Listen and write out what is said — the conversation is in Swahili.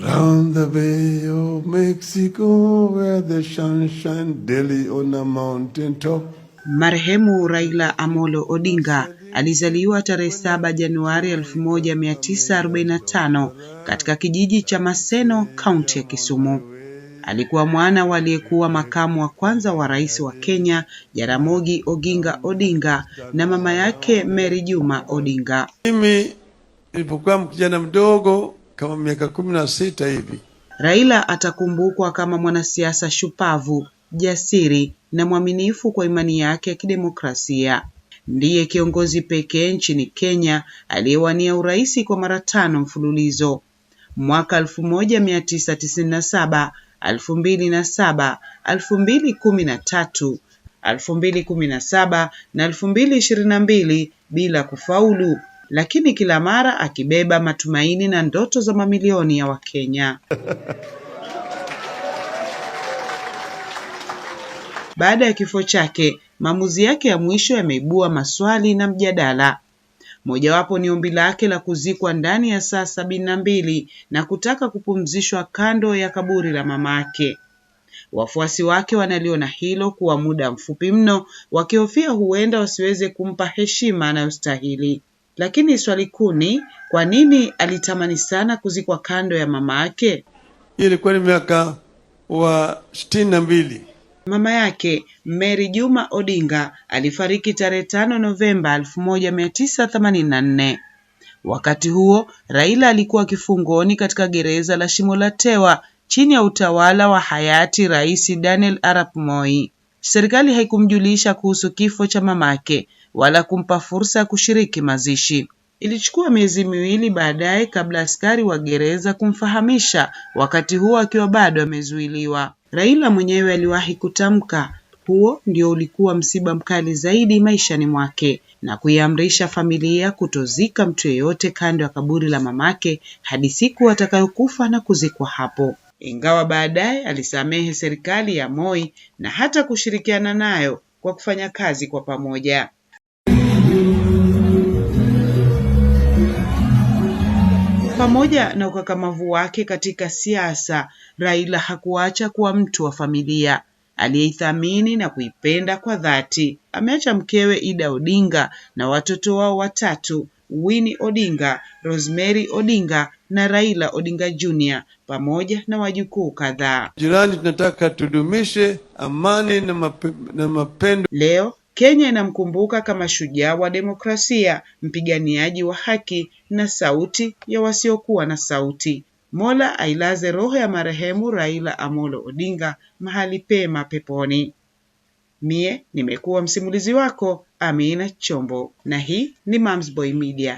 Round the Bay of Mexico where the sun shine daily on a mountain top. Marehemu Raila Amolo Odinga alizaliwa tarehe 7 Januari 1945 katika kijiji cha Maseno, kaunti ya Kisumu. Alikuwa mwana wa aliyekuwa makamu wa kwanza wa rais wa Kenya Jaramogi Oginga Odinga na mama yake Mary Juma Odinga. Mimi nilipokuwa mkijana mdogo kama miaka kumi na sita hivi. Raila atakumbukwa kama mwanasiasa shupavu, jasiri na mwaminifu kwa imani yake ya kidemokrasia. Ndiye kiongozi pekee nchini Kenya aliyewania urais kwa mara tano mfululizo mwaka 1997, 2007, 2013, 2017 na 2022 bila kufaulu lakini kila mara akibeba matumaini na ndoto za mamilioni ya Wakenya. Baada ya kifo chake, maamuzi yake ya mwisho yameibua maswali na mjadala. Mojawapo ni ombi lake la kuzikwa ndani ya saa sabini na mbili na kutaka kupumzishwa kando ya kaburi la mamake. Wafuasi wake wanaliona hilo kuwa muda mfupi mno, wakihofia huenda wasiweze kumpa heshima anayostahili. Lakini swali kuu ni kwa nini alitamani sana kuzikwa kando ya mama yake? ilikuwa ni miaka wa sitini na mbili. Mama yake Mary Juma Odinga alifariki tarehe tano Novemba 1984. Wakati huo Raila alikuwa kifungoni katika gereza la Shimolatewa chini ya utawala wa hayati Rais Daniel Arap Moi. Serikali haikumjulisha kuhusu kifo cha mamake wala kumpa fursa ya kushiriki mazishi. Ilichukua miezi miwili baadaye kabla askari wa gereza kumfahamisha, wakati huo akiwa bado amezuiliwa. Raila mwenyewe aliwahi kutamka huo ndio ulikuwa msiba mkali zaidi maishani mwake na kuiamrisha familia kutozika mtu yeyote kando ya kaburi la mamake hadi siku atakayokufa na kuzikwa hapo. Ingawa baadaye alisamehe serikali ya Moi na hata kushirikiana nayo kwa kufanya kazi kwa pamoja. Pamoja na ukakamavu wake katika siasa, Raila hakuacha kuwa mtu wa familia aliyeithamini na kuipenda kwa dhati. Ameacha mkewe Ida Odinga na watoto wao watatu, Winnie Odinga, Rosemary Odinga na Raila Odinga Jr. pamoja na wajukuu kadhaa. Jirani, tunataka tudumishe amani na, na mapendo. Leo Kenya inamkumbuka kama shujaa wa demokrasia, mpiganiaji wa haki na sauti ya wasiokuwa na sauti. Mola ailaze roho ya marehemu Raila Amolo Odinga mahali pema peponi. Mie nimekuwa msimulizi wako Amina Chombo, na hii ni Mumsboy Media.